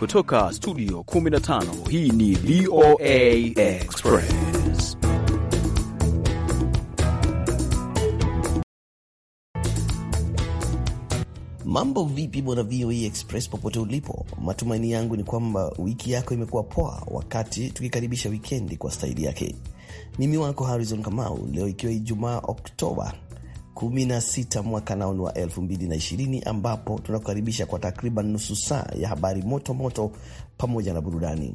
Kutoka studio 15 hii ni VOA Express. Mambo vipi, bwana VOA Express popote ulipo, matumaini yangu ni kwamba wiki yako imekuwa poa, wakati tukikaribisha wikendi kwa staili yake. Mimi wako Harrison Kamau, leo ikiwa Ijumaa Oktoba 16 mwaka naoni wa 2020 ambapo tunakukaribisha kwa takriban nusu saa ya habari moto moto pamoja na burudani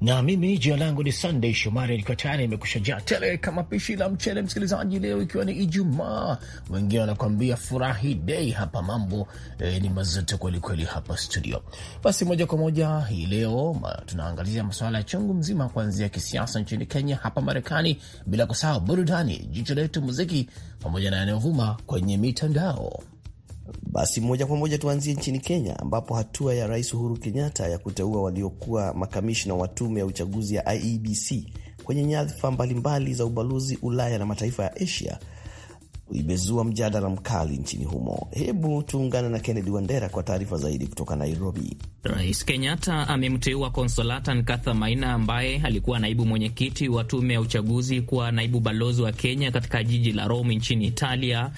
na mimi jina langu ni Sunday Shomari, nikiwa tayari nimekusha jaa tele kama pishi la mchele. Msikilizaji, leo ikiwa ni Ijumaa, wengine wanakuambia furahi dei. Hapa mambo eh, ni mazito kwelikweli hapa studio. Basi moja kwa moja hii leo tunaangalia masuala ya chungu mzima, kuanzia kisiasa nchini Kenya, hapa Marekani, bila kusahau burudani, jicho letu muziki, pamoja na yanayovuma kwenye mitandao. Basi moja kwa moja tuanzie nchini Kenya, ambapo hatua ya Rais Uhuru Kenyatta ya kuteua waliokuwa makamishna wa tume ya uchaguzi ya IEBC kwenye nyadhifa mbalimbali za ubalozi Ulaya na mataifa ya Asia imezua mjadala mkali nchini humo. Hebu tuungane na Kennedy Wandera kwa taarifa zaidi kutoka Nairobi. Rais Kenyatta amemteua Consolatan Nkatha Maina ambaye alikuwa naibu mwenyekiti wa tume ya uchaguzi kuwa naibu balozi wa Kenya katika jiji la Rome nchini Italia,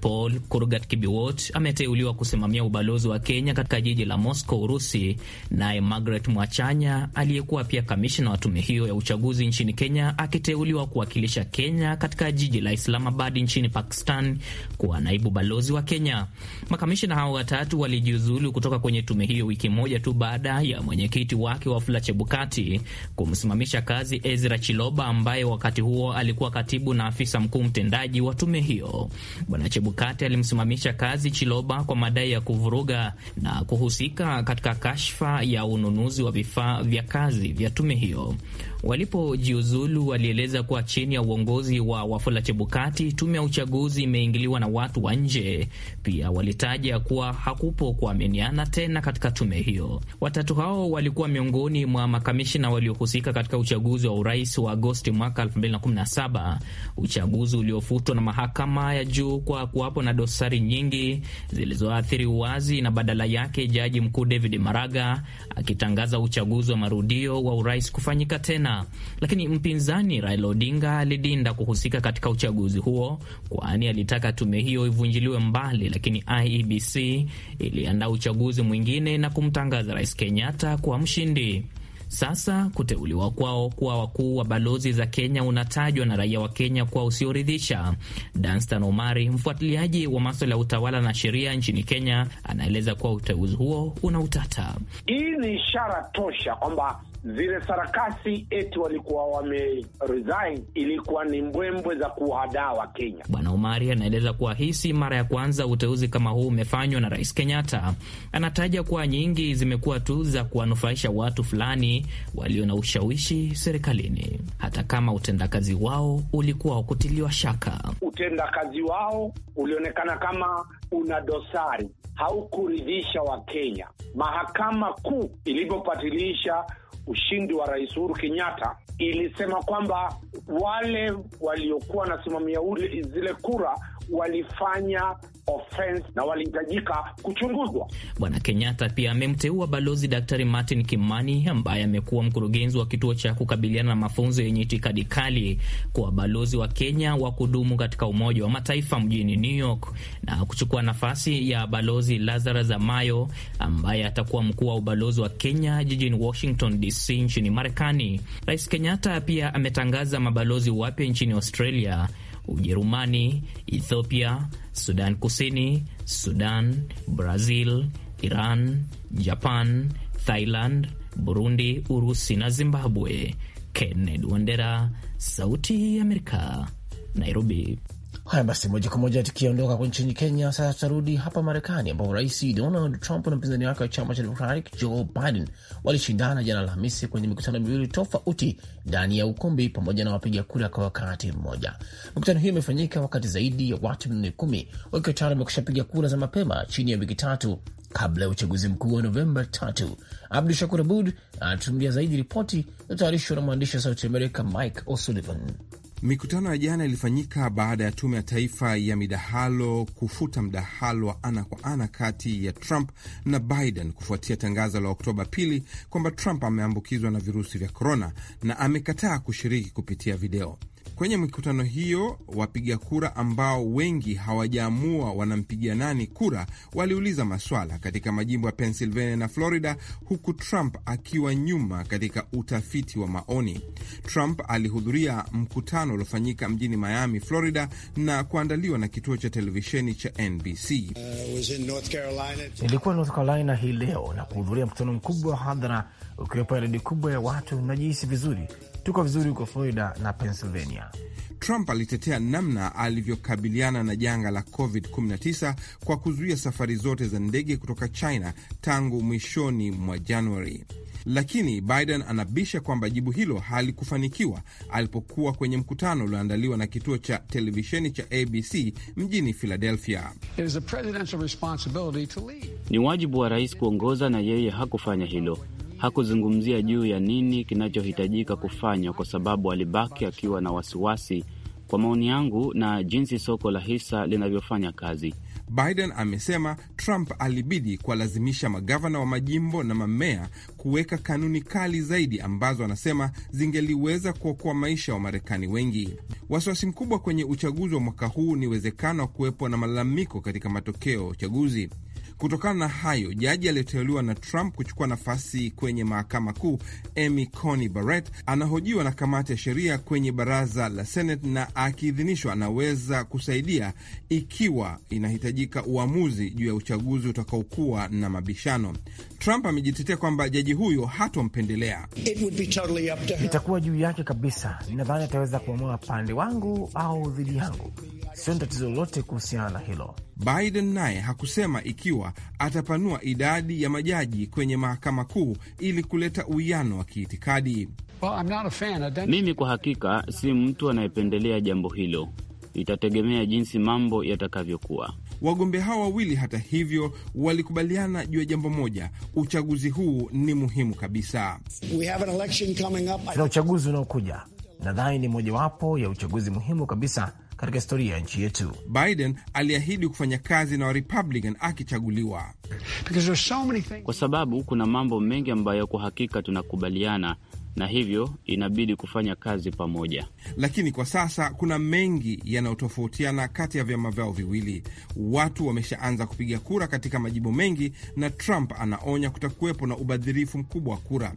Paul Kurgat Kibiwot ameteuliwa kusimamia ubalozi wa Kenya katika jiji la Moscow, Urusi, naye Margaret Mwachanya aliyekuwa pia kamishna wa tume hiyo ya uchaguzi nchini Kenya akiteuliwa kuwakilisha Kenya katika jiji la Islamabad nchini Pakistan kuwa naibu balozi wa Kenya. Makamishna hao watatu walijiuzulu kutoka kwenye tume hiyo wiki moja tu baada ya mwenyekiti wake Wafula Chebukati kumsimamisha kazi Ezra Chiloba ambaye wakati huo alikuwa katibu na afisa mkuu mtendaji wa tume hiyo. Bwana Bukate alimsimamisha kazi Chiloba kwa madai ya kuvuruga na kuhusika katika kashfa ya ununuzi wa vifaa vya kazi vya tume hiyo. Walipojiuzulu walieleza kuwa chini ya uongozi wa Wafula Chebukati, tume ya uchaguzi imeingiliwa na watu wa nje. Pia walitaja kuwa hakupo kuaminiana tena katika tume hiyo. Watatu hao walikuwa miongoni mwa makamishina waliohusika katika uchaguzi wa urais wa Agosti mwaka 2017, uchaguzi uliofutwa na mahakama ya juu kwa kuwapo na dosari nyingi zilizoathiri uwazi, na badala yake jaji mkuu David Maraga akitangaza uchaguzi wa marudio wa urais kufanyika tena. Lakini mpinzani Raila Odinga alidinda kuhusika katika uchaguzi huo, kwani alitaka tume hiyo ivunjiliwe mbali, lakini IEBC iliandaa uchaguzi mwingine na kumtangaza Rais Kenyatta kuwa mshindi. Sasa kuteuliwa kwao kuwa wakuu wa balozi za Kenya unatajwa na raia wa Kenya kuwa usioridhisha. Danstan Omari, mfuatiliaji wa maswala ya utawala na sheria nchini Kenya, anaeleza kuwa uteuzi huo una utata. Hii ni ishara tosha kwamba zile sarakasi eti walikuwa wame resign ilikuwa ni mbwembwe za wa kenya Bwana Omari anaeleza kuwa hii si mara ya kwanza uteuzi kama huu umefanywa na Rais Kenyatta. Anataja kuwa nyingi zimekuwa tu za kuwanufaisha watu fulani walio na ushawishi serikalini, hata kama utendakazi wao ulikuwa wakutiliwa shaka. Utendakazi wao ulionekana kama una dosari, haukuridhisha Wakenya. Mahakama Kuu ilipopatilisha ushindi wa Rais Uhuru Kenyatta ilisema kwamba wale waliokuwa wanasimamia zile kura walifanya offense na walihitajika kuchunguzwa. Bwana Kenyatta pia amemteua Balozi Daktari Martin Kimani ambaye amekuwa mkurugenzi wa kituo cha kukabiliana na mafunzo yenye itikadi kali kuwa balozi wa Kenya wa kudumu katika Umoja wa Mataifa mjini New York na kuchukua nafasi ya Balozi Lazarus Amayo ambaye atakuwa mkuu wa ubalozi wa Kenya jijini Washington DC nchini Marekani. Rais Kenyatta pia ametangaza mabalozi wapya nchini Australia Ujerumani, Ethiopia, Sudan Kusini, Sudan, Brazil, Iran, Japan, Thailand, Burundi, Urusi na Zimbabwe. Kennedy Wandera, Sauti ya Amerika, Nairobi. Haya basi, moja kwa moja tukiondoka nchini Kenya, sasa tutarudi hapa Marekani, ambapo rais Donald Trump na mpinzani wake wa chama cha Democratic Joe Biden walishindana jana Alhamisi kwenye mikutano miwili tofauti ndani ya ukumbi pamoja na wapiga kura kwa wakati mmoja. Mikutano hiyo imefanyika wakati zaidi ya watu milioni kumi wakiwa tayari wamekusha piga kura za mapema chini ya wiki tatu kabla ya uchaguzi mkuu wa Novemba tatu. Abdu Shakur Abud anatumilia zaidi ripoti iliyotayarishwa na mwandishi wa Sauti Amerika Mike O'Sullivan. Mikutano ya jana ilifanyika baada ya tume ya taifa ya midahalo kufuta mdahalo wa ana kwa ana kati ya Trump na Biden kufuatia tangazo la Oktoba pili kwamba Trump ameambukizwa na virusi vya korona na amekataa kushiriki kupitia video. Kwenye mikutano hiyo, wapiga kura ambao wengi hawajaamua wanampigia nani kura waliuliza maswala katika majimbo ya Pennsylvania na Florida, huku Trump akiwa nyuma katika utafiti wa maoni. Trump alihudhuria mkutano uliofanyika mjini Miami, Florida, na kuandaliwa na kituo cha televisheni cha NBC. Uh, nilikuwa North Carolina hii leo na kuhudhuria mkutano mkubwa wa hadhara ukiwepo idadi kubwa ya watu, najihisi vizuri, tuko vizuri huko Florida na Pennsylvania. Trump alitetea namna alivyokabiliana na janga la COVID-19 kwa kuzuia safari zote za ndege kutoka China tangu mwishoni mwa Januari, lakini Biden anabisha kwamba jibu hilo halikufanikiwa alipokuwa kwenye mkutano ulioandaliwa na kituo cha televisheni cha ABC mjini Philadelphia. Ni wajibu wa rais kuongoza na yeye hakufanya hilo hakuzungumzia juu ya nini kinachohitajika kufanywa, kwa sababu alibaki akiwa na wasiwasi kwa maoni yangu na jinsi soko la hisa linavyofanya kazi. Biden amesema Trump alibidi kuwalazimisha magavana wa majimbo na mamea kuweka kanuni kali zaidi ambazo anasema zingeliweza kuokoa maisha wa Marekani wengi. Wasiwasi mkubwa kwenye uchaguzi wa mwaka huu ni uwezekano wa kuwepo na malalamiko katika matokeo ya uchaguzi. Kutokana na hayo, jaji aliyoteuliwa na Trump kuchukua nafasi kwenye mahakama kuu Amy Coney Barrett anahojiwa na kamati ya sheria kwenye baraza la Senate, na akiidhinishwa anaweza kusaidia ikiwa inahitajika uamuzi juu ya uchaguzi utakaokuwa na mabishano. Trump amejitetea kwamba jaji huyo hatompendelea. Totally itakuwa juu yake kabisa. Nadhani ataweza kuamua pande wangu au dhidi yangu, sio ni tatizo lolote kuhusiana na hilo. Biden naye hakusema ikiwa atapanua idadi ya majaji kwenye mahakama kuu ili kuleta uwiano wa kiitikadi. Well, mimi kwa hakika si mtu anayependelea jambo hilo, itategemea jinsi mambo yatakavyokuwa. Wagombea hao wawili hata hivyo walikubaliana juu ya jambo moja: uchaguzi huu ni muhimu kabisa. Tuna uchaguzi unaokuja, nadhani ni mojawapo ya uchaguzi muhimu kabisa katika historia ya nchi yetu. Biden aliahidi kufanya kazi na Warepublican akichaguliwa, so things... kwa sababu kuna mambo mengi ambayo kwa hakika tunakubaliana na hivyo inabidi kufanya kazi pamoja. Lakini kwa sasa kuna mengi yanayotofautiana kati ya vyama vyao viwili. Watu wameshaanza kupiga kura katika majimbo mengi, na Trump anaonya kutakuwepo na ubadhirifu mkubwa wa kura.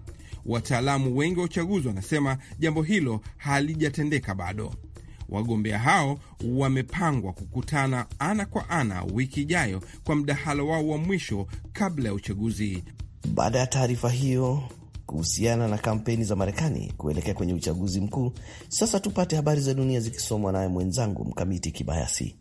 Wataalamu wengi wa uchaguzi wanasema jambo hilo halijatendeka bado. Wagombea hao wamepangwa kukutana ana kwa ana wiki ijayo kwa mdahalo wao wa mwisho kabla ya uchaguzi. Baada ya taarifa hiyo kuhusiana na kampeni za Marekani kuelekea kwenye uchaguzi mkuu. Sasa tupate habari za dunia zikisomwa naye mwenzangu Mkamiti Kibayasi.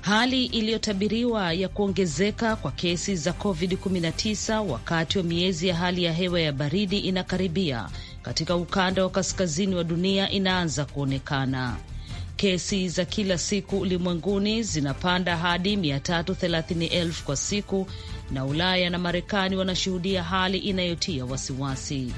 Hali iliyotabiriwa ya kuongezeka kwa kesi za COVID-19 wakati wa miezi ya hali ya hewa ya baridi inakaribia katika ukanda wa kaskazini wa dunia inaanza kuonekana. Kesi za kila siku ulimwenguni zinapanda hadi 330,000 kwa siku, na Ulaya na Marekani wanashuhudia hali inayotia wasiwasi.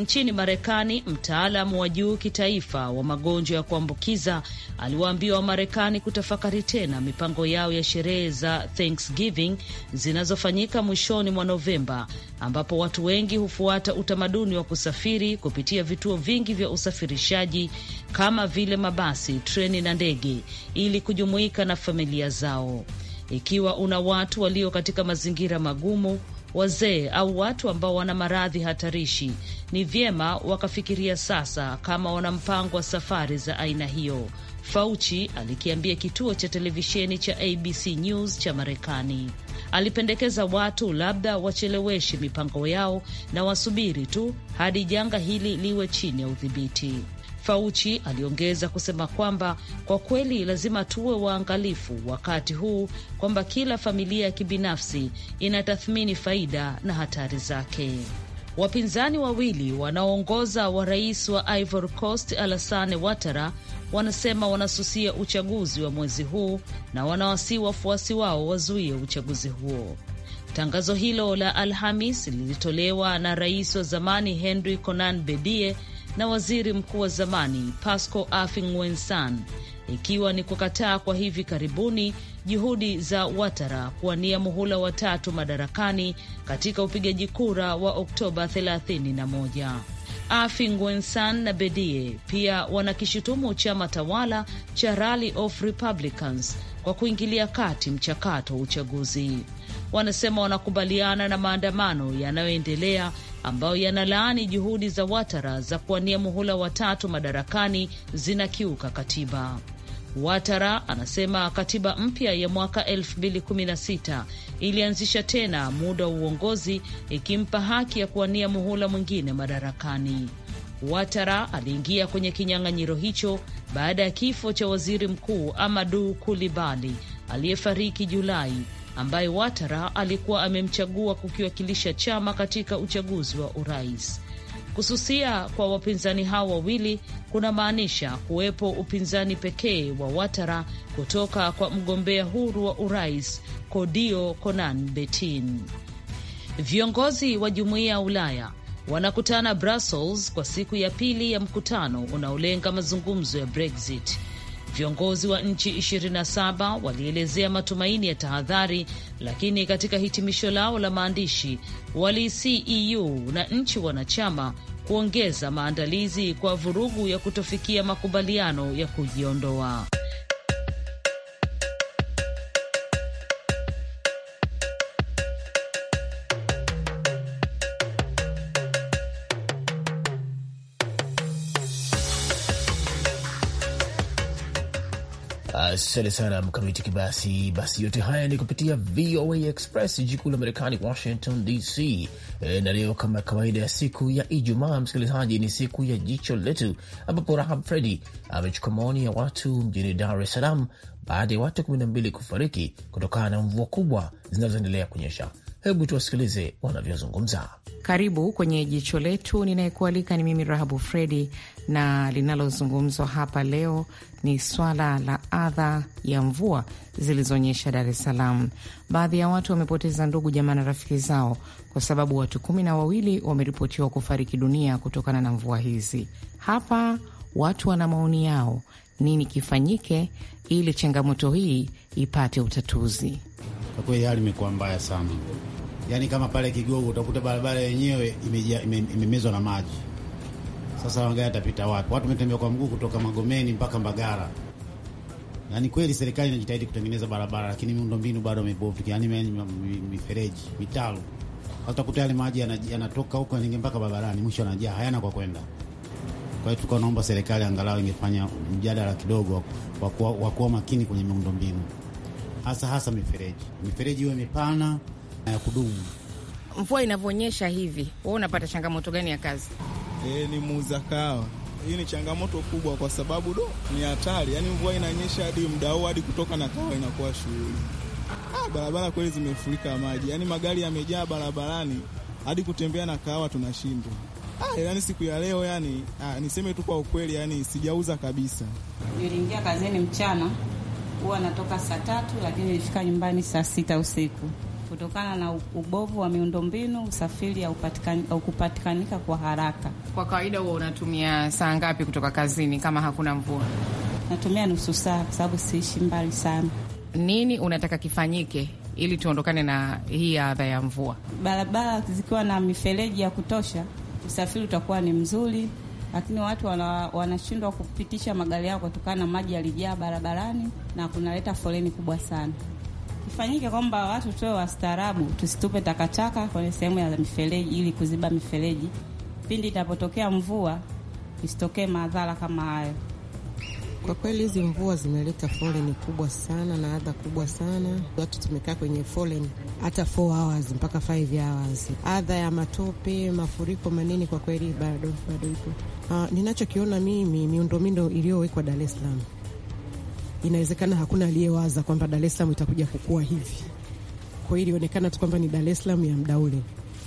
Nchini Marekani, mtaalamu wa juu kitaifa wa magonjwa ya kuambukiza aliwaambia Wamarekani kutafakari tena mipango yao ya sherehe za Thanksgiving zinazofanyika mwishoni mwa Novemba, ambapo watu wengi hufuata utamaduni wa kusafiri kupitia vituo vingi vya usafirishaji kama vile mabasi, treni na ndege ili kujumuika na familia zao. Ikiwa una watu walio katika mazingira magumu wazee au watu ambao wana maradhi hatarishi, ni vyema wakafikiria sasa kama wana mpango wa safari za aina hiyo, Fauci alikiambia kituo cha televisheni cha ABC News cha Marekani. Alipendekeza watu labda wacheleweshe mipango yao na wasubiri tu hadi janga hili liwe chini ya udhibiti. Fauci aliongeza kusema kwamba kwa kweli lazima tuwe waangalifu wakati huu, kwamba kila familia ya kibinafsi inatathmini faida na hatari zake. Wapinzani wawili wanaoongoza wa rais wa Ivory Coast Alassane Ouattara wanasema wanasusia uchaguzi wa mwezi huu na wanawasii wafuasi wao wazuie uchaguzi huo. Tangazo hilo la Alhamis lilitolewa na rais wa zamani Henry Konan Bedie na waziri mkuu wa zamani pasco afingwensan ikiwa ni kukataa kwa hivi karibuni juhudi za Watara kuwania muhula wa tatu madarakani katika upigaji kura wa Oktoba 31. Afi na Bedie pia wanakishutumu chama tawala cha Rally of Republicans kwa kuingilia kati mchakato wa uchaguzi wanasema wanakubaliana na maandamano yanayoendelea ambayo yanalaani juhudi za Watara za kuwania muhula watatu madarakani zinakiuka katiba. Watara anasema katiba mpya ya mwaka 2016 ilianzisha tena muda wa uongozi ikimpa haki ya kuwania muhula mwingine madarakani. Watara aliingia kwenye kinyang'anyiro hicho baada ya kifo cha waziri mkuu Amadu Kulibali aliyefariki Julai ambaye Watara alikuwa amemchagua kukiwakilisha chama katika uchaguzi wa urais. Kususia kwa wapinzani hao wawili kuna maanisha kuwepo upinzani pekee wa Watara kutoka kwa mgombea huru wa urais Kodio Konan Betin. Viongozi wa jumuiya ya Ulaya wanakutana Brussels kwa siku ya pili ya mkutano unaolenga mazungumzo ya Brexit. Viongozi wa nchi 27 walielezea matumaini ya tahadhari, lakini katika hitimisho lao la maandishi walisi EU na nchi wanachama kuongeza maandalizi kwa vurugu ya kutofikia makubaliano ya kujiondoa. Asante sana Mkamiti Kibasi. Basi yote haya ni kupitia VOA Express, jiji kuu la Marekani, Washington DC. E, eh, na leo kama kawaida ya siku ya Ijumaa, msikilizaji, ni siku ya jicho letu, ambapo Rahab Fredi amechukua maoni ya watu mjini Dar es Salaam baada ya watu 12 kufariki kutokana na mvua kubwa zinazoendelea kunyesha. Hebu tuwasikilize wanavyozungumza. Karibu kwenye jicho letu. Ninayekualika ni mimi Rahabu Fredi, na linalozungumzwa hapa leo ni swala la adha ya mvua zilizonyesha Dar es Salaam. Baadhi ya watu wamepoteza ndugu, jamaa na rafiki zao, kwa sababu watu kumi na wawili wameripotiwa kufariki dunia kutokana na mvua hizi. Hapa watu wana maoni yao, nini kifanyike ili changamoto hii ipate utatuzi? Kwa kweli hali imekuwa mbaya sana, yaani kama pale Kigogo utakuta barabara yenyewe imemezwa na maji. Sasa magari atapita wapi? Watu wametembea kwa mguu kutoka Magomeni mpaka Mbagara. Na yaani kweli serikali inajitahidi kutengeneza barabara, lakini miundombinu bado imebovuka. yaani mifereji, mitalo utakuta yale maji yanatoka huko yanaingia mpaka barabarani, mwisho anajaa, hayana kwa kwenda. Kwa hiyo tulikuwa naomba serikali angalau ingefanya mjadala kidogo wa kuwa makini kwenye miundombinu hasa hasa mifereji, mifereji iwe mipana na ya kudumu. Mvua inavyonyesha hivi, wewe unapata changamoto gani ya kazi? E, ni muuza kahawa. Hii ni changamoto kubwa, kwa sababu do ni hatari, yaani mvua inanyesha hadi muda huu, hadi kutoka na kahawa inakuwa shughuli. Ah, barabara kweli zimefurika maji, yaani magari yamejaa barabarani, hadi kutembea na kahawa tunashindwa. Ah, yani siku ya leo yani, ah, niseme tu kwa ukweli, yani sijauza kabisa. Niliingia kazini mchana huwa natoka saa tatu lakini nifika nyumbani saa sita usiku kutokana na ubovu wa miundombinu, usafiri aukupatikanika kwa haraka. Kwa kawaida huwa unatumia saa ngapi kutoka kazini kama hakuna mvua? Natumia nusu saa kwa sababu siishi mbali sana. Nini unataka kifanyike ili tuondokane na hii adha ya mvua? Barabara zikiwa na mifereji ya kutosha, usafiri utakuwa ni mzuri lakini watu wanashindwa wana kupitisha magari yao kutokana na maji yalijaa barabarani na kunaleta foleni kubwa sana. Kifanyike kwamba watu tuwe wastaarabu, tusitupe takataka kwenye sehemu ya mifereji ili kuziba mifereji. Pindi itapotokea mvua isitokee madhara kama hayo. Kwa kweli hizi mvua zimeleta foleni kubwa sana na adha kubwa sana. Watu tumekaa kwenye foleni hata 4 hours mpaka 5 hours. Adha ya matope, mafuriko manini, kwa kweli bado bado ipo. Uh, ninachokiona mimi miundombinu iliyowekwa Dar es Salaam, inawezekana hakuna aliyewaza kwamba Dar es Salaam itakuja kukua hivi. Kwa hiyo ilionekana tu kwamba ni Dar es Salaam ya muda ule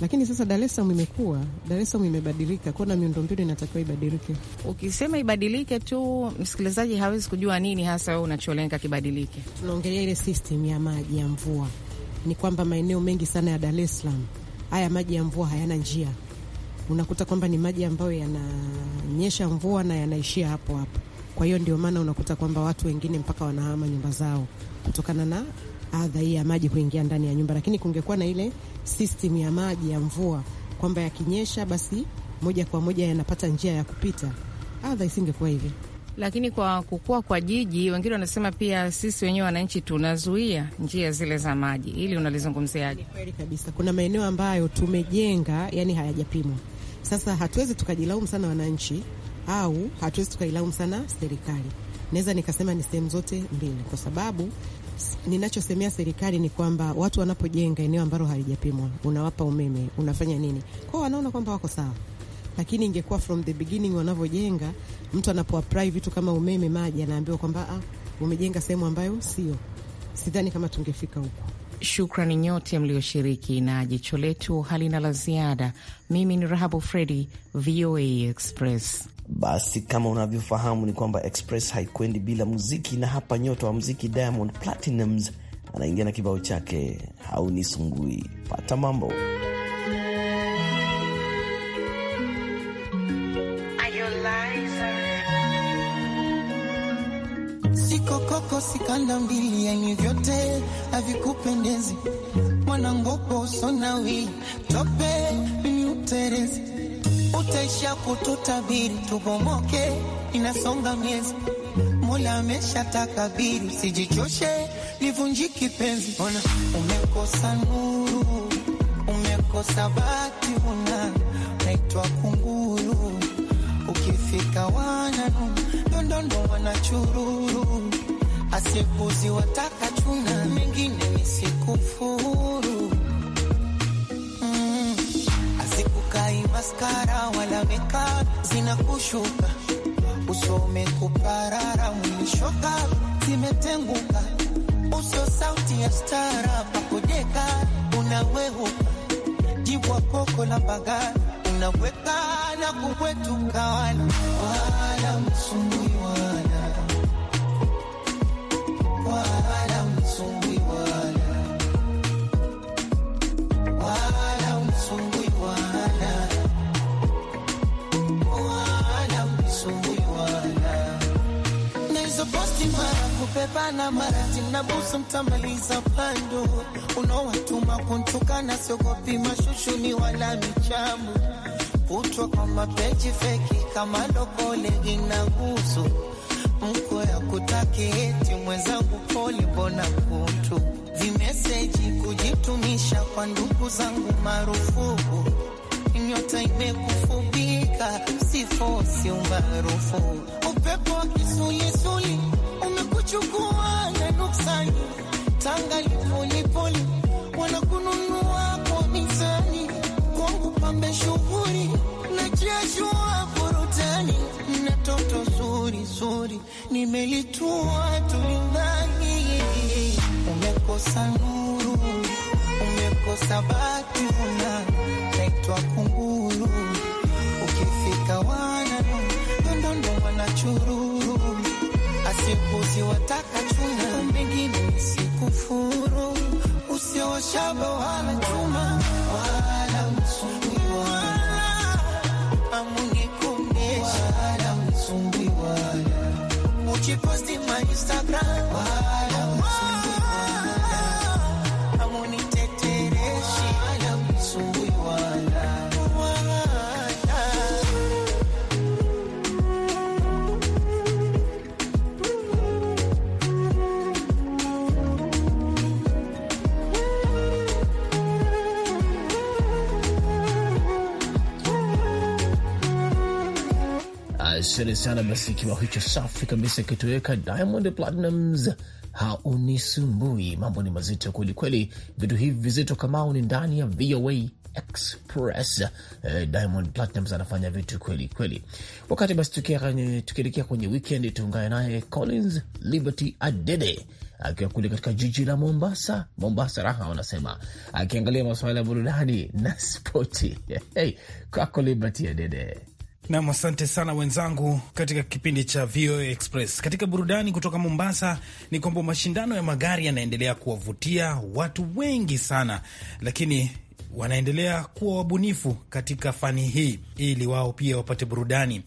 lakini sasa Dar es Salaam imekuwa, Dar es Salaam imebadilika, kuna miundombinu inatakiwa ibadilike. Ukisema ibadilike tu, msikilizaji hawezi kujua nini hasa wewe unacholenga kibadilike. Tunaongelea ile system ya maji ya mvua, ni kwamba maeneo mengi sana ya Dar es Salaam haya maji ya mvua hayana njia, unakuta kwamba ni maji ambayo yananyesha mvua na yanaishia hapo hapo. Kwa hiyo ndio maana unakuta kwamba watu wengine mpaka wanahama nyumba zao kutokana na adha hii ya maji kuingia ndani ya nyumba, lakini kungekuwa na ile system ya maji ya mvua kwamba yakinyesha basi moja kwa moja yanapata njia ya kupita, adha isingekuwa hivi. Lakini kwa kukua kwa jiji, wengine wanasema pia sisi wenyewe wananchi tunazuia njia zile za maji. ili unalizungumziaje? Kweli kabisa, kuna maeneo ambayo tumejenga yani hayajapimwa. Sasa hatuwezi tukajilaumu sana wananchi au hatuwezi tukailaumu sana serikali. Naweza nikasema ni sehemu zote mbili, kwa sababu Ninachosemea serikali ni kwamba watu wanapojenga eneo ambalo halijapimwa, unawapa umeme, unafanya nini kwao, wanaona kwamba wako sawa lakini ingekuwa from the beginning wanavyojenga, mtu anapoapply vitu kama umeme, maji, anaambiwa kwamba ah, umejenga sehemu ambayo sio. Sidhani kama tungefika huko. Shukrani nyote mlioshiriki na jicho letu halina la ziada. Mimi ni Rahabu Fredi, VOA Express. Basi kama unavyofahamu ni kwamba Express haikwendi bila muziki, na hapa nyota wa muziki Diamond Platinumz anaingia na kibao chake haunisumbui. Pata mambo kanda mbili, yani vyote havikupendezi, mwanangopo usonawi tope niuterezi uterezi, utaisha kututabiri tubomoke, inasonga miezi, Mola amesha takabiri, sijichoshe nivunjiki penzi. Ona umekosa nuru, umekosa bati, una naitwa kunguru, ukifika wana ndondondo wanachururu asiyekuzi wataka chuna mengine ni siku mm. Azikukai maskara wala meka zinakushuka usome kuparara mwishoka zimetenguka uso sauti ya stara pakojeka unawehuka jibwa koko la bagari unaweka na kubwetuka wala wala msumbui wala Pepana marati na mtamaliza pando unaowatuma kuntukana, siogopi mashushuni wala michamu kutwa kwa mapeji feki kama lokole inagusu mko ya kutaki eti mwenzangu, poli bona kutu vimeseji kujitumisha kwa ndugu zangu marufuku, nyota imekufubika sifo sifosi umaarufu, upepo wa kisulisuli umekuchukua na nuksani tanga lipolipoli nimelitua tulindani, umekosa nuru, umekosa batuna, naitwa kunguru, ukifika wanano ndondo wanachururu, asikuzi wataka chuna, mengine usioshaba usioshabawana chuma Asante sana. Basi kibao hicho safi kabisa kitoweka, Diamond Platnumz haunisumbui. Mambo ni mazito kweli kweli, vitu hivi vizito kama au ni ndani ya VOA Express. Eh, Diamond Platinums anafanya vitu kweli kweli. Wakati basi tukielekea kwenye weekend, tuungane naye Collins Liberty Adede akiwa kule katika jiji la Mombasa, Mombasa raha wanasema, akiangalia masuala ya burudani na spoti. Hey, kwako Liberty Adede. Nam, asante sana wenzangu, katika kipindi cha VOA Express. Katika burudani kutoka Mombasa ni kwamba mashindano ya magari yanaendelea kuwavutia watu wengi sana, lakini wanaendelea kuwa wabunifu katika fani hii ili wao pia wapate burudani.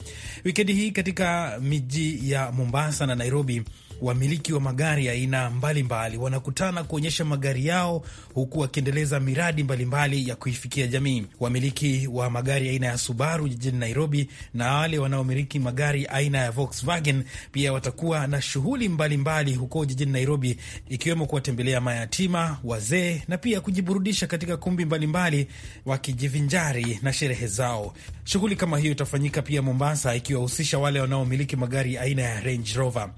Wikendi hii katika miji ya Mombasa na Nairobi wamiliki wa magari aina mbalimbali wanakutana kuonyesha magari yao huku wakiendeleza miradi mbalimbali mbali ya kuifikia jamii. Wamiliki wa magari aina ya Subaru jijini Nairobi na wale wanaomiliki magari aina ya Volkswagen pia watakuwa na shughuli mbalimbali huko jijini Nairobi, ikiwemo kuwatembelea mayatima, wazee na pia kujiburudisha katika kumbi mbalimbali mbali, wakijivinjari na sherehe zao. Shughuli kama hiyo itafanyika pia Mombasa, ikiwahusisha wale wanaomiliki magari aina ya Range Rover.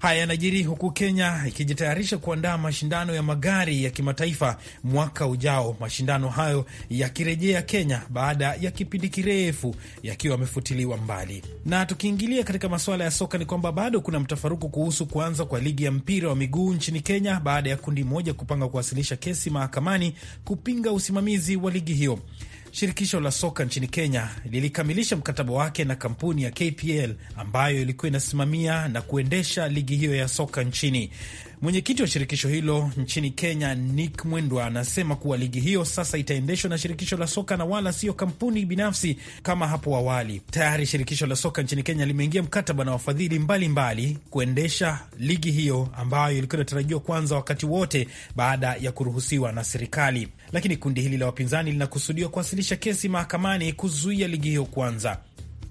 Haya yanajiri huku Kenya ikijitayarisha kuandaa mashindano ya magari ya kimataifa mwaka ujao, mashindano hayo yakirejea Kenya baada ya kipindi kirefu yakiwa yamefutiliwa mbali. Na tukiingilia katika masuala ya soka, ni kwamba bado kuna mtafaruku kuhusu kuanza kwa ligi ya mpira wa miguu nchini Kenya baada ya kundi moja kupanga kuwasilisha kesi mahakamani kupinga usimamizi wa ligi hiyo. Shirikisho la soka nchini Kenya lilikamilisha mkataba wake na kampuni ya KPL ambayo ilikuwa inasimamia na kuendesha ligi hiyo ya soka nchini. Mwenyekiti wa shirikisho hilo nchini Kenya, Nick Mwendwa, anasema kuwa ligi hiyo sasa itaendeshwa na shirikisho la soka na wala sio kampuni binafsi kama hapo awali. Tayari shirikisho la soka nchini Kenya limeingia mkataba na wafadhili mbalimbali kuendesha ligi hiyo ambayo ilikuwa inatarajiwa kuanza wakati wote baada ya kuruhusiwa na serikali, lakini kundi hili la wapinzani linakusudiwa kuwasilisha kesi mahakamani kuzuia ligi hiyo kuanza.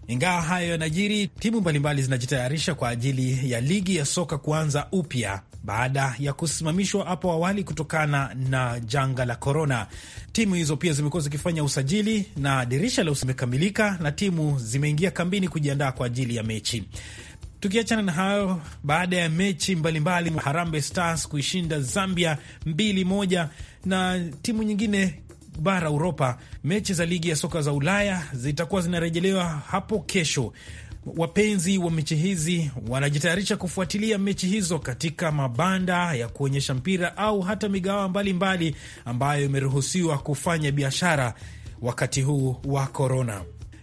Ingawa hayo yanajiri, timu mbalimbali zinajitayarisha kwa ajili ya ligi ya soka kuanza upya baada ya kusimamishwa hapo awali kutokana na janga la korona. Timu hizo pia zimekuwa zikifanya usajili na dirisha la limekamilika na timu zimeingia kambini kujiandaa kwa ajili ya mechi. Tukiachana na hayo, baada ya mechi mbalimbali, Harambee Stars kuishinda Zambia mbili moja na timu nyingine bara Uropa, mechi za ligi ya soka za Ulaya zitakuwa zinarejelewa hapo kesho. Wapenzi wa mechi hizi wanajitayarisha kufuatilia mechi hizo katika mabanda ya kuonyesha mpira au hata migawa mbalimbali ambayo imeruhusiwa kufanya biashara wakati huu wa korona.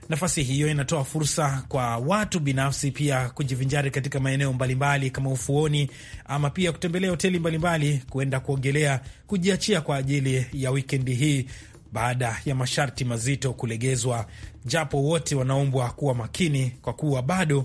Nafasi hiyo inatoa fursa kwa watu binafsi pia kujivinjari katika maeneo mbalimbali kama ufuoni, ama pia kutembelea hoteli mbalimbali, kuenda kuogelea, kujiachia kwa ajili ya wikendi hii baada ya masharti mazito kulegezwa, japo wote wanaombwa kuwa makini kwa kuwa bado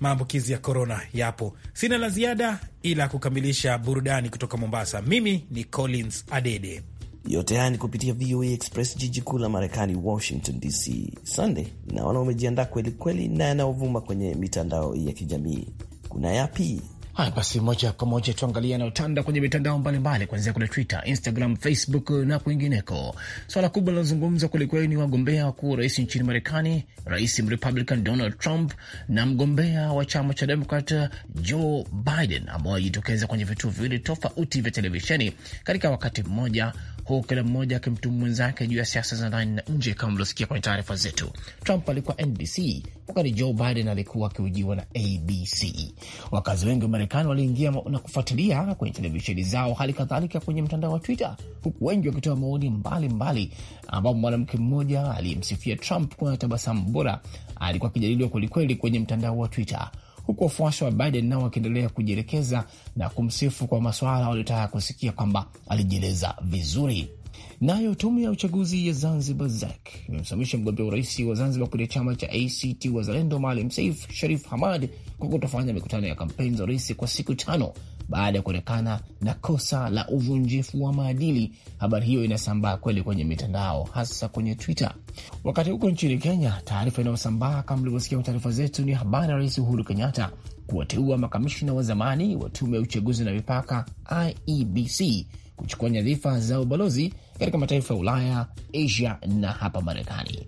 maambukizi ya korona yapo. Sina la ziada ila kukamilisha burudani kutoka Mombasa. Mimi ni Collins Adede. Yote haya ni kupitia VOA Express, jiji kuu la Marekani, Washington DC. Sunday, naona umejiandaa kweli kweli na yanayovuma kwenye mitandao ya kijamii, kuna yapi? Haya basi, moja kwa moja tuangalie yanayotanda kwenye mitandao mbalimbali, kuanzia kule Twitter, Instagram, Facebook na kwingineko. Swala so, kubwa linalozungumzwa kwelikweli ni wagombea wakuu rais nchini Marekani, rais mrepublican Donald Trump na mgombea wa chama cha Demokrat Joe Biden, ambao walijitokeza kwenye vituo viwili tofauti vya televisheni katika wakati mmoja, huku kila mmoja akimtumu mwenzake juu ya siasa za ndani na nje. Kama mliosikia kwenye taarifa zetu, Trump alikuwa NBC wakati Joe Biden alikuwa akiujiwa na ABC. Wakazi wengi wa Marekani waliingia na kufuatilia kwenye televisheni zao, hali kadhalika kwenye mtandao wa Twitter, huku wengi wakitoa maoni mbalimbali, ambapo mwanamke mmoja aliyemsifia Trump kuwa na tabasamu bora alikuwa akijadiliwa kwelikweli kwenye mtandao wa Twitter huku wafuasi wa Biden nao wakiendelea kujielekeza na kumsifu kwa masuala waliotaka kusikia kwamba alijieleza vizuri. Nayo tume ya uchaguzi ya Zanzibar ZEC imemsimamisha mgombea urais wa Zanzibar kupitia chama cha ACT Wazalendo Maalim Seif Sharif Hamad kwa kutofanya mikutano ya kampeni za urais kwa siku tano baada ya kuonekana na kosa la uvunjifu wa maadili. Habari hiyo inasambaa kweli kwenye mitandao, hasa kwenye Twitter. Wakati huko nchini Kenya, taarifa inayosambaa kama mlivyosikia kwa taarifa zetu ni habari ya Rais Uhuru Kenyatta kuwateua makamishna wa zamani wa tume ya uchaguzi na mipaka IEBC kuchukua nyadhifa za ubalozi katika mataifa ya Ulaya, Asia na hapa Marekani.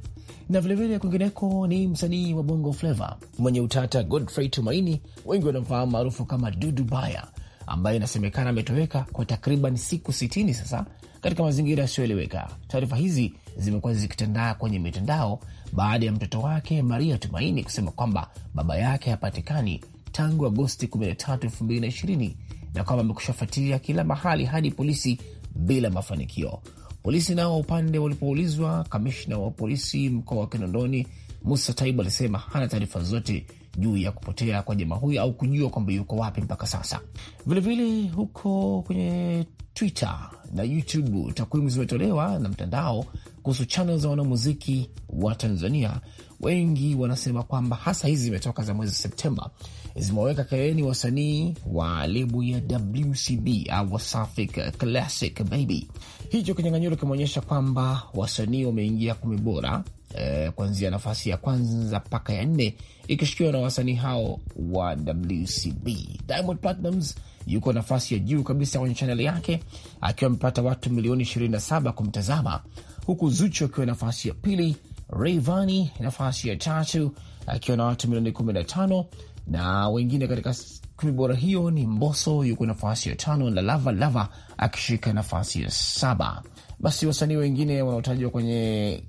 Na vilevile kwingineko ni msanii wa bongo fleva mwenye utata Godfrey Tumaini, wengi wanamfahamu maarufu kama Dudu Baya ambaye inasemekana ametoweka kwa takriban siku sitini sasa katika mazingira yasiyoeleweka. Taarifa hizi zimekuwa zikitandaa kwenye mitandao baada ya mtoto wake Maria Tumaini kusema kwamba baba yake hapatikani tangu Agosti 13, 2020 na kwamba amekushafuatilia kila mahali hadi polisi bila mafanikio. Polisi nao upande walipoulizwa, kamishna wa polisi mkoa wa Kinondoni Musa Taibu alisema hana taarifa zote juu ya kupotea kwa jamaa huyo au kujua kwamba yuko wapi mpaka sasa. Vilevile huko kwenye Twitter na YouTube takwimu zimetolewa na mtandao kuhusu channel za wanamuziki wa Tanzania. Wengi wanasema kwamba hasa hizi zimetoka za mwezi Septemba, zimewaweka kaeni wasanii wa lebu ya WCB au Wasafic Classic Baby. Hicho kinyang'anyiro kimeonyesha kwamba wasanii wameingia kumi bora eh, kuanzia nafasi ya kwanza mpaka ya nne ikishikiwa na wasanii hao wa WCB. Diamond Platnumz yuko nafasi ya juu kabisa kwenye chaneli yake akiwa amepata watu milioni 27 kumtazama, huku Zuchu akiwa nafasi ya pili, Rayvanny nafasi ya tatu akiwa na watu milioni 15 na wengine katika kumi bora hiyo ni mboso yuko nafasi ya tano na Lava Lava akishika nafasi ya saba. Basi wasanii wengine wanaotajwa kwenye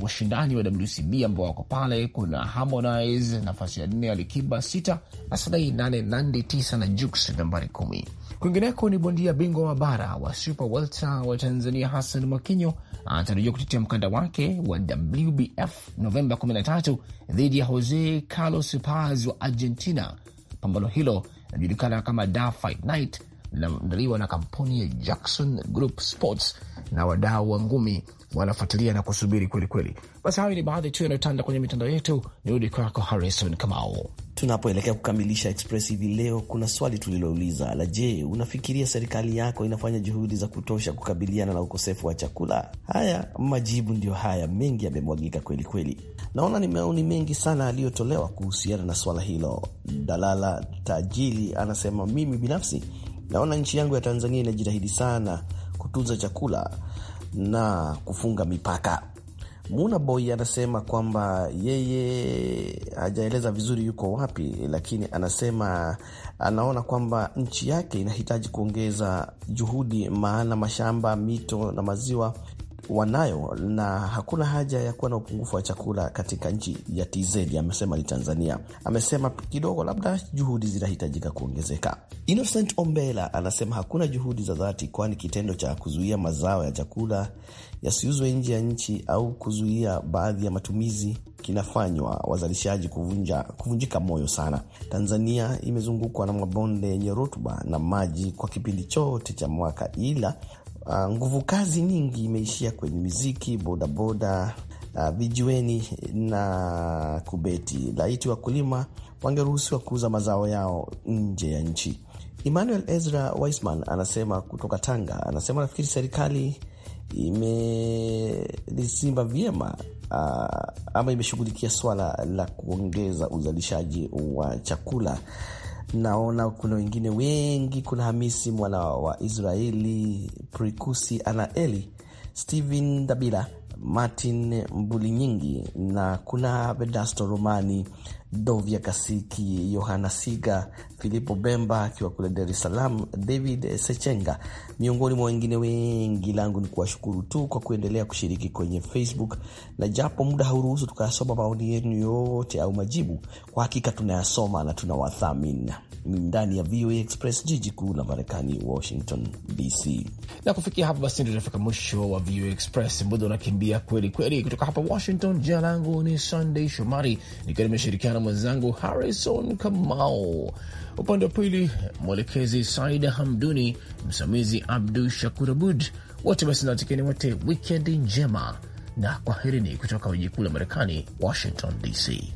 washindani wa WCB ambao wako pale, kuna Harmonize nafasi ya nne, Alikiba sita, Aslay nane, Nandi tisa na Jux nambari kumi. Kwingineko ni bondia bingwa wa bara wa super welter wa Tanzania Hassan Mwakinyo anatarajiwa kutetea mkanda wake wa WBF Novemba 13 dhidi ya Jose Carlos Paz wa Argentina. Pambano hilo linajulikana kama Da Fight Night linaandaliwa na kampuni ya Jackson Group Sports na wadau wa ngumi wanafuatilia na kusubiri kwelikweli. Basi hayo ni baadhi tu yanayotanda kwenye mitandao yetu. Nirudi kwako Harrison Kamao. Tunapoelekea kukamilisha Express hivi leo, kuna swali tulilouliza la je, unafikiria serikali yako inafanya juhudi za kutosha kukabiliana na ukosefu wa chakula? Haya majibu ndiyo haya, mengi yamemwagika kweli kweli. Naona ni maoni mengi sana aliyotolewa kuhusiana na swala hilo. Dalala Tajili anasema mimi binafsi Naona nchi yangu ya Tanzania inajitahidi sana kutunza chakula na kufunga mipaka. Muna Boy anasema kwamba yeye hajaeleza vizuri yuko wapi, lakini anasema anaona kwamba nchi yake inahitaji kuongeza juhudi, maana mashamba, mito na maziwa wanayo na hakuna haja ya kuwa na upungufu wa chakula katika nchi ya TZ, amesema ni Tanzania. Amesema kidogo labda juhudi zinahitajika kuongezeka. Innocent Ombela anasema hakuna juhudi za dhati, kwani kitendo cha kuzuia mazao ya chakula yasiuzwe nje ya nchi au kuzuia baadhi ya matumizi kinafanywa wazalishaji kuvunja, kuvunjika moyo sana. Tanzania imezungukwa na mabonde yenye rutuba na maji kwa kipindi chote cha mwaka, ila Ah, nguvu kazi nyingi imeishia kwenye miziki, bodaboda, ah, vijiweni na kubeti. Laiti wakulima wangeruhusiwa kuuza mazao yao nje ya nchi. Emmanuel Ezra Weisman anasema kutoka Tanga, anasema nafikiri serikali imelisimba vyema uh, ama imeshughulikia swala la kuongeza uzalishaji wa chakula naona kuna wengine wengi, kuna Hamisi mwana wa Israeli, Prikusi ana eli stehen Dabila, Martin Mbuli Nyingi na kuna Vedasto Romani, Dovya Kasiki, Yohana Siga Filipo Bemba akiwa kule Dar es Salaam, David Sechenga miongoni mwa wengine wengi. Langu ni kuwashukuru tu kwa kuendelea kushiriki kwenye Facebook, na japo muda hauruhusu tukayasoma maoni yenu yote au majibu, kwa hakika tunayasoma na tunawathamini. Ndani ya VOA Express, jiji kuu la Marekani, Washington DC. Na kufikia hapo basi, ndio tunafika mwisho wa VOA Express. Muda unakimbia kweli kweli. Kutoka hapa Washington, jina langu ni Sunday Shomari, nikiwa nimeshirikiana na mwenzangu Harrison Kamau. Upande wa pili mwelekezi Saida Hamduni, msimamizi Abdu Shakur Abud. Wote basi nawatakieni wote wikendi njema na kwaherini kutoka jiji kuu la Marekani, Washington DC.